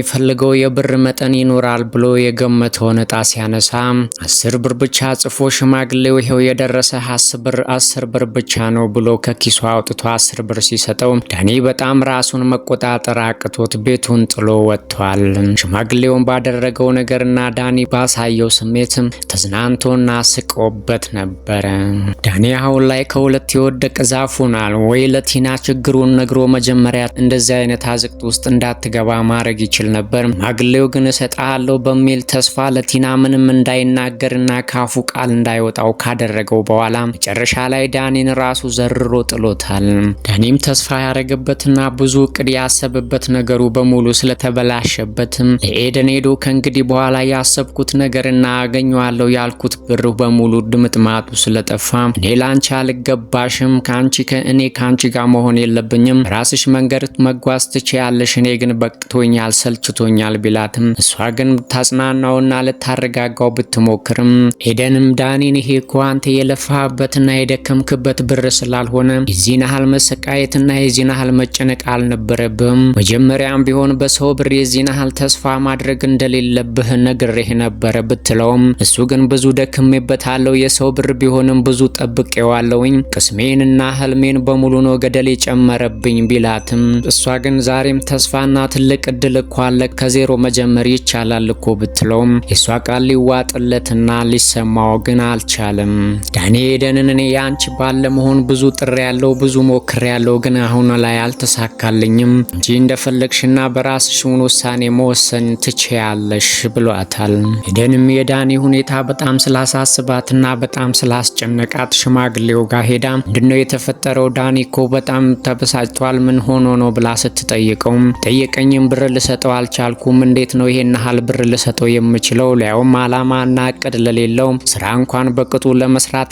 የሚፈልገው የብር መጠን ይኖራል ብሎ የገመተውን እጣ ሲያነሳ አስር ብር ብቻ ጽፎ ሽማግሌው ይሄው የደረሰ ሀስ ብር አስር ብር ብቻ ነው ብሎ ከኪሱ አውጥቶ አስር ብር ሲሰጠው ዳኒ በጣም ራሱን መቆጣጠር አቅቶት ቤቱን ጥሎ ወጥቷል። ሽማግሌውን ባደረገው ነገርና ዳኒ ባሳየው ስሜት ተዝናንቶና ስቆበት ነበረ። ዳኒ አሁን ላይ ከሁለት የወደቀ ዛፍ ሆኗል። ወይ ለቲና ችግሩን ነግሮ መጀመሪያ እንደዚህ አይነት አዝቅት ውስጥ እንዳትገባ ማድረግ ይችል ነበር። ማግሌው ግን እሰጥሃለሁ በሚል ተስፋ ለቲና ምንም እንዳይናገርና ካፉ ቃል እንዳይወጣው ካደረገው በኋላ መጨረሻ ላይ ዳኒን ራሱ ዘርሮ ጥሎታል። ዳኒም ተስፋ ያደረገበትና ብዙ እቅድ ያሰበበት ነገሩ በሙሉ ስለተበላሸበትም ለኤደን ሄዶ ከእንግዲህ በኋላ ያሰብኩት ነገርና አገኘዋለሁ ያልኩት ብር በሙሉ ድምጥማጡ ስለጠፋ እኔ ላንቺ አልገባሽም፣ ከአንቺ ከእኔ ከአንቺ ጋር መሆን የለብኝም፣ ራስሽ መንገድ መጓዝ ትችያለሽ፣ እኔ ግን በቅቶኛል፣ ሰልችቶኛል ተመችቶኛል ቢላትም እሷ ግን ብታጽናናውና ልታረጋጋው ብትሞክርም ኤደንም ዳኒን ይሄ እኮ አንተ የለፋህበትና የደከምክበት ብር ስላልሆነ የዚህን ያህል መሰቃየትና የዚህን ያህል መጨነቅ አልነበረብም። መጀመሪያም ቢሆን በሰው ብር የዚህን ያህል ተስፋ ማድረግ እንደሌለብህ ነግሬህ ነበረ ብትለውም እሱ ግን ብዙ ደክሜበታለው የሰው ብር ቢሆንም ብዙ ጠብቄዋለውኝ ቅስሜንና ህልሜን በሙሉ ነው ገደል የጨመረብኝ ቢላትም እሷ ግን ዛሬም ተስፋና ትልቅ እድል እኳ ካለ ከዜሮ መጀመር ይቻላል እኮ ብትለውም የእሷ ቃል ሊዋጥለትና ሊሰማው ግን አልቻለም። ዳኒ ኤደንን እኔ የአንቺ ባለመሆን ብዙ ጥሬ ያለው ብዙ ሞክሬ ያለው ግን አሁን ላይ አልተሳካልኝም እንጂ እንደፈለግሽና በራስሽውን ውሳኔ መወሰን ትችያለሽ ብሏታል። ኤደንም የዳኒ ሁኔታ በጣም ስላሳስባትና በጣም ስላስጨነቃት ሽማግሌው ጋር ሄዳ ምንድነው የተፈጠረው? ዳኒ እኮ በጣም ተበሳጭቷል፣ ምን ሆኖ ነው ብላ ስትጠይቀውም ጠየቀኝም ብር ልሰጠው ልሰጠው አልቻልኩም። እንዴት ነው ይሄን ያህል ብር ልሰጠው የምችለው? ሊያውም አላማና እቅድ ለሌለውም ስራ እንኳን በቅጡ ለመስራት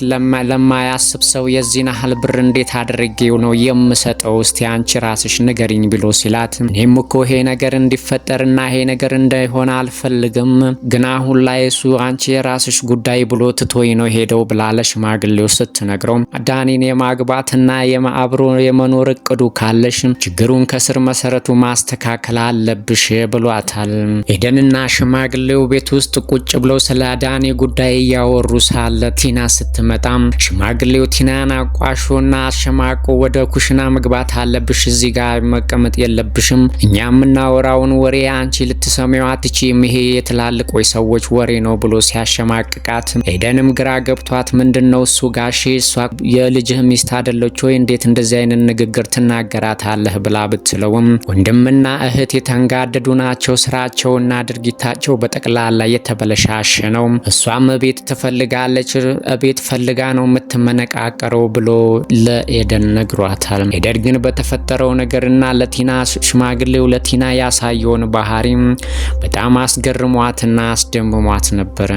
ለማያስብ ሰው የዚህን ያህል ብር እንዴት አድርጌው ነው የምሰጠው? እስቲ አንቺ ራስሽ ንገሪኝ ብሎ ሲላት እኔም እኮ ይሄ ነገር እንዲፈጠርና ይሄ ነገር እንዳይሆን አልፈልግም፣ ግን አሁን ላይ እሱ አንቺ የራስሽ ጉዳይ ብሎ ትቶኝ ነው ሄደው ብላ ለሽማግሌው ስትነግረው ዳኒን የማግባትና የማአብሮ የመኖር እቅዱ ካለሽ ችግሩን ከስር መሰረቱ ማስተካከል አለብሽ ብሏታል። ኤደንና ሽማግሌው ቤት ውስጥ ቁጭ ብለው ስለ አዳኔ ጉዳይ እያወሩ ሳለ ቲና ስትመጣም ሽማግሌው ቲናን አቋሾና አሸማቆ ወደ ኩሽና መግባት አለብሽ፣ እዚህ ጋር መቀመጥ የለብሽም። እኛ የምናወራውን ወሬ አንቺ ልትሰሚው አትችይም፣ ይሄ የትላልቆች ሰዎች ወሬ ነው ብሎ ሲያሸማቅቃት ኤደንም ግራ ገብቷት ምንድን ነው እሱ ጋሼ፣ እሷ የልጅህ ሚስት አደለች ወይ? እንዴት እንደዚህ አይነት ንግግር ትናገራታለህ? ብላ ብትለውም ወንድምና እህት የተንጋደ የተዋደዱ ናቸው። ስራቸውና ድርጊታቸው በጠቅላላ የተበለሻሸ ነው። እሷም እቤት ትፈልጋለች፣ እቤት ፈልጋ ነው የምትመነቃቀረው ብሎ ለኤደን ነግሯታል። ኤደን ግን በተፈጠረው ነገርና ለቲና ሽማግሌው ለቲና ያሳየውን ባህሪም በጣም አስገርሟትና አስደምሟት ነበረ።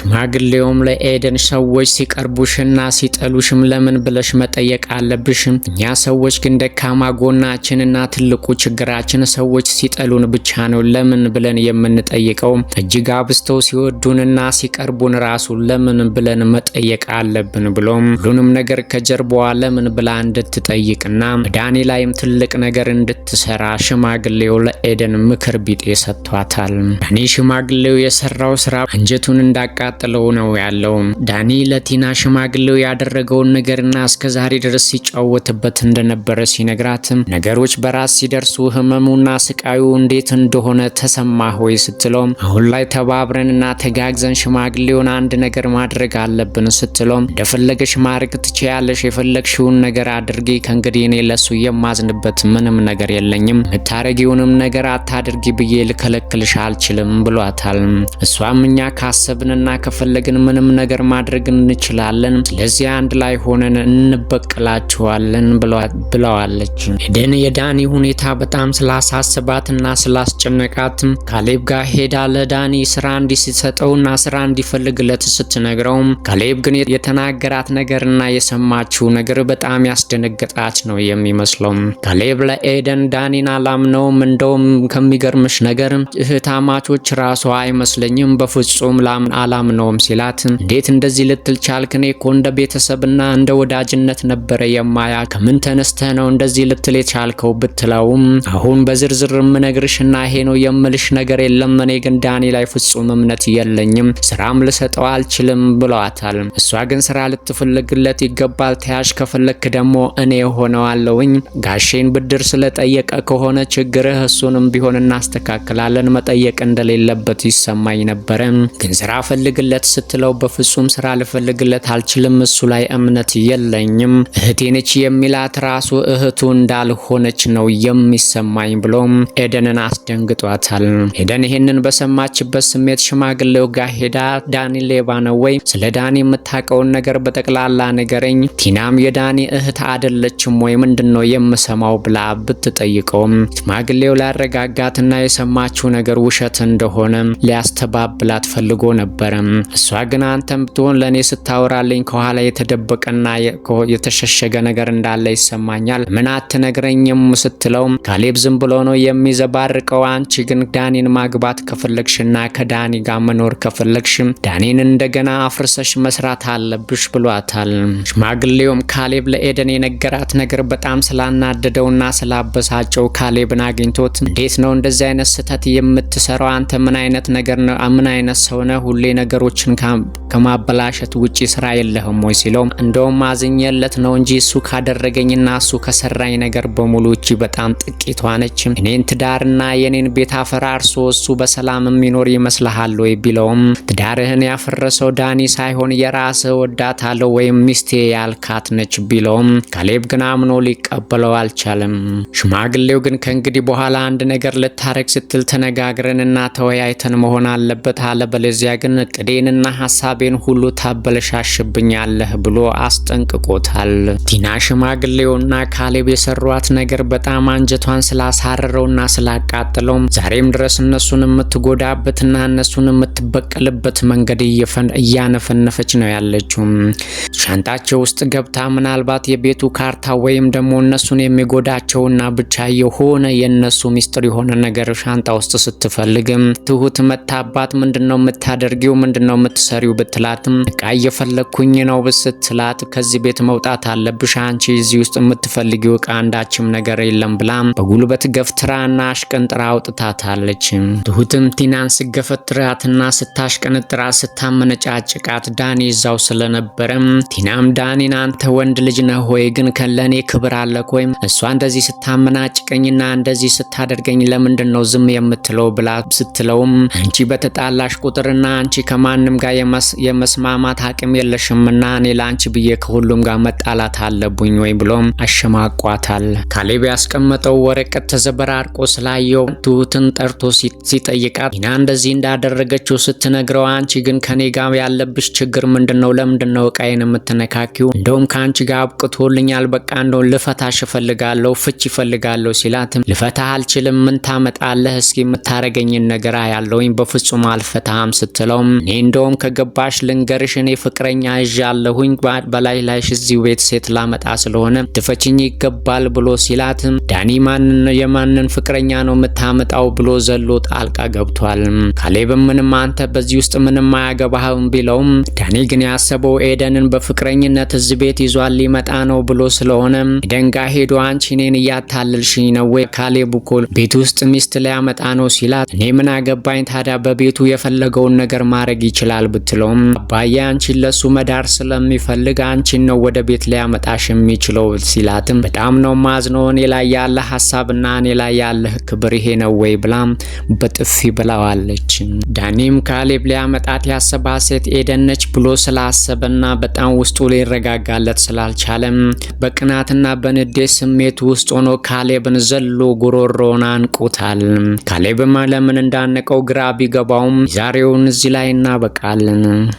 ሽማግሌውም ለኤደን ሰዎች ሲቀርቡሽና ሲጠሉሽም ለምን ብለሽ መጠየቅ አለብሽ። እኛ ሰዎች ግን ደካማ ጎናችንና ትልቁ ችግራችን ሰዎች ሲጠሉን ብቻ ብቻ ነው ለምን ብለን የምንጠይቀው። እጅግ አብስተው ሲወዱንና ሲቀርቡን ራሱ ለምን ብለን መጠየቅ አለብን ብሎ ሁሉንም ነገር ከጀርባዋ ለምን ብላ እንድትጠይቅና ዳኒ ላይም ትልቅ ነገር እንድትሰራ ሽማግሌው ለኤደን ምክር ቢጤ ሰጥቷታል። ዳኒ ሽማግሌው የሰራው ስራ አንጀቱን እንዳቃጥለው ነው ያለው። ዳኒ ለቲና ሽማግሌው ያደረገውን ነገርና እስከዛሬ ድረስ ሲጫወትበት እንደነበረ ሲነግራት ነገሮች በራስ ሲደርሱ ህመሙና ስቃዩ እንዴት እንደሆነ ተሰማህ ወይ ስትለውም አሁን ላይ ተባብረንና ተጋግዘን ሽማግሌውን አንድ ነገር ማድረግ አለብን ስትለውም እንደፈለገሽ ማድረግ ትችያለሽ፣ የፈለግሽውን ነገር አድርጊ። ከእንግዲህ እኔ ለሱ የማዝንበት ምንም ነገር የለኝም። የምታረጊውንም ነገር አታድርጊ ብዬ ልከለክልሽ አልችልም ብሏታል። እሷም እኛ ካሰብንና ከፈለግን ምንም ነገር ማድረግ እንችላለን፣ ስለዚህ አንድ ላይ ሆነን እንበቅላችኋለን ብለዋለች። ኤደን የዳኒ ሁኔታ በጣም ስላሳስባትና ስላ ስላስጨነቃትም ካሌብ ጋር ሄዳ ለዳኒ ስራ እንዲሰጠውና ስራ እንዲፈልግለት ስትነግረውም ካሌብ ግን የተናገራት ነገርና የሰማችው ነገር በጣም ያስደነገጣት ነው የሚመስለው። ካሌብ ለኤደን ዳኒን አላምነውም፣ እንደውም ከሚገርምሽ ነገር እህታማቾች ራሷ አይመስለኝም፣ በፍጹም አላምነውም ሲላት እንዴት እንደዚህ ልትል ቻልክ? እኔ እኮ እንደ ቤተሰብና እንደ ወዳጅነት ነበረ የማያ ከምን ተነስተህ ነው እንደዚህ ልትል የቻልከው? ብትለውም አሁን በዝርዝር የምነግርሽና ነውና ይሄ ነው የምልሽ ነገር የለም። እኔ ግን ዳኒ ላይ ፍጹም እምነት የለኝም፣ ስራም ልሰጠው አልችልም ብለዋታል። እሷ ግን ስራ ልትፈልግለት ይገባል። ተያዥ ከፈለክ ደግሞ እኔ ሆነዋለውኝ ጋሼን ብድር ስለጠየቀ ከሆነ ችግርህ እሱንም ቢሆን እናስተካክላለን። መጠየቅ እንደሌለበት ይሰማኝ ነበረ። ግን ስራ ፈልግለት ስትለው በፍጹም ስራ ልፈልግለት አልችልም፣ እሱ ላይ እምነት የለኝም። እህቴ ነች የሚላት ራሱ እህቱ እንዳልሆነች ነው የሚሰማኝ ብሎም ኤደንን አስ አስደንግጧታል። ሄደን ይህንን በሰማችበት ስሜት ሽማግሌው ጋር ሄዳ ዳኒ ሌባ ነው ወይ? ስለ ዳኒ የምታውቀውን ነገር በጠቅላላ ንገረኝ። ቲናም የዳኒ እህት አይደለችም ወይ? ምንድን ነው የምሰማው ብላ ብትጠይቀውም ሽማግሌው ላረጋጋትና የሰማችው ነገር ውሸት እንደሆነ ሊያስተባብላት ፈልጎ ነበረ። እሷ ግን አንተም ብትሆን ለእኔ ስታወራልኝ ከኋላ የተደበቀና የተሸሸገ ነገር እንዳለ ይሰማኛል፣ ምን አትነግረኝም ስትለውም ካሌብ ዝም ብሎ ነው የሚዘባርቅ የምናውቀው አንቺ ግን ዳኒን ማግባት ከፈለግሽና ከዳኒ ጋር መኖር ከፈለግሽ ዳኒን እንደገና አፍርሰሽ መስራት አለብሽ ብሏታል። ሽማግሌውም ካሌብ ለኤደን የነገራት ነገር በጣም ስላናደደውና ስላበሳጨው ካሌብን አግኝቶት እንዴት ነው እንደዚህ አይነት ስህተት የምትሰራው? አንተ ምን አይነት ነገር ነው? ምን አይነት ሰው ሁሌ ነገሮችን ከማበላሸት ውጪ ስራ የለህም ወይ ሲለው እንደውም አዝኜለት ነው እንጂ እሱ ካደረገኝና እሱ ከሰራኝ ነገር በሙሉ እጅ በጣም ጥቂቷ ነች። እኔን ትዳርና የኔን ቤት አፈራርሶ እሱ በሰላም የሚኖር ይመስልሃል ወይ ቢለውም ትዳርህን ያፈረሰው ዳኒ ሳይሆን ወዳት ወዳታለሁ ወይም ሚስቴ ያልካት ነች ቢለውም ካሌብ ግን አምኖ ሊቀበለው አልቻለም። ሽማግሌው ግን ከእንግዲህ በኋላ አንድ ነገር ልታረግ ስትል ተነጋግረንና ተወያይተን መሆን አለበት አለ፣ በለዚያ ግን እቅዴንና ሀሳቤን ሁሉ ታበለሻሽብኛለህ ብሎ አስጠንቅቆታል። ቲና ሽማግሌውና ካሌብ የሰሯት ነገር በጣም አንጀቷን ስላሳረረውና ስላቃ የምታቃጥለው ዛሬም ድረስ እነሱን የምትጎዳበትና እነሱን የምትበቀልበት መንገድ እያነፈነፈች ነው ያለችው። ሻንጣቸው ውስጥ ገብታ ምናልባት የቤቱ ካርታ ወይም ደግሞ እነሱን የሚጎዳቸውና ብቻ የሆነ የእነሱ ሚስጥር የሆነ ነገር ሻንጣ ውስጥ ስትፈልግም ትሁት መታባት ምንድነው የምታደርጊው? ምንድነው የምትሰሪው? ብትላትም እቃ እየፈለግኩኝ ነው ብስትላት ከዚህ ቤት መውጣት አለብሽ አንቺ እዚህ ውስጥ የምትፈልጊው እቃ አንዳችም ነገር የለም ብላ በጉልበት ገፍትራና አሽቀንጠ ቀጥራ አውጥታታለች። ትሁትም ቲናን ስገፈትራትና ስታሽቀነጥራት ስታመነጫጭቃት ዳኒ እዛው ስለነበረም ቲናም ዳኒን አንተ ወንድ ልጅ ነህ ሆይ ግን ከለኔ ክብር አለክ ወይም እሷ እንደዚህ ስታመናጭቀኝና እንደዚህ ስታደርገኝ ለምንድን ነው ዝም የምትለው ብላ ስትለውም አንቺ በተጣላሽ ቁጥርና አንቺ ከማንም ጋር የመስማማት አቅም የለሽምና እኔ ለአንቺ ብዬ ከሁሉም ጋር መጣላት አለብኝ ወይ ብሎም አሸማቋታል። ካሌብ ያስቀመጠው ወረቀት ተዘበራርቆ ስላየው ትሁትን ጠርቶ ሲጠይቃት ኒና እንደዚህ እንዳደረገችው ስትነግረው አንቺ ግን ከኔ ጋር ያለብሽ ችግር ምንድነው? ለምንድነው እቃዬን የምትነካኪው? እንደውም ከአንቺ ጋር አብቅቶልኛል። በቃ እንደውም ልፈታሽ እፈልጋለሁ፣ ፍች ይፈልጋለሁ ሲላትም ልፈታህ አልችልም፣ ምን ታመጣለህ? እስኪ የምታረገኝን ነገር ያለውኝ በፍጹም አልፈታህም ስትለውም እኔ እንደውም ከገባሽ ልንገርሽ፣ እኔ ፍቅረኛ ይዣለሁኝ በላይ ላይሽ እዚህ ቤት ሴት ላመጣ ስለሆነ ትፈችኝ ይገባል ብሎ ሲላትም ዳኒ ማንን የማንን ፍቅረኛ ነው አታመጣው ብሎ ዘሎ ጣልቃ ገብቷል። ካሌብም ምንም አንተ በዚህ ውስጥ ምንም አያገባህም ቢለውም ዳኒ ግን ያሰበው ኤደንን በፍቅረኝነት እዚህ ቤት ይዟል ሊመጣ ነው ብሎ ስለሆነ ኤደን ጋ ሄዶ አንቺ እኔን እያታለልሽኝ ነው ወይ ካሌብ እኮ ቤት ውስጥ ሚስት ሊያመጣ ነው ሲላት እኔ ምን አገባኝ ታዲያ በቤቱ የፈለገውን ነገር ማድረግ ይችላል ብትለውም አባዬ አንቺን ለሱ መዳር ስለሚፈልግ አንቺን ነው ወደ ቤት ሊያመጣሽ የሚችለው ሲላትም በጣም ነው ማዝነው እኔ ላይ ያለ ሀሳብና እኔ ላይ ያለ ክብር ይሄ ይሄ ነው ወይ ብላ በጥፊ ብላዋለች። ዳኒም ካሌብ ሊያመጣት ያሰባ ሴት ኤደነች ብሎ ስላሰበና በጣም ውስጡ ሊረጋጋለት ስላልቻለም በቅናትና በንዴ ስሜት ውስጥ ሆኖ ካሌብን ዘሎ ጉሮሮን አንቁታል። ካሌብም ለምን እንዳነቀው ግራ ቢገባውም ዛሬውን እዚህ ላይ እናበቃለን።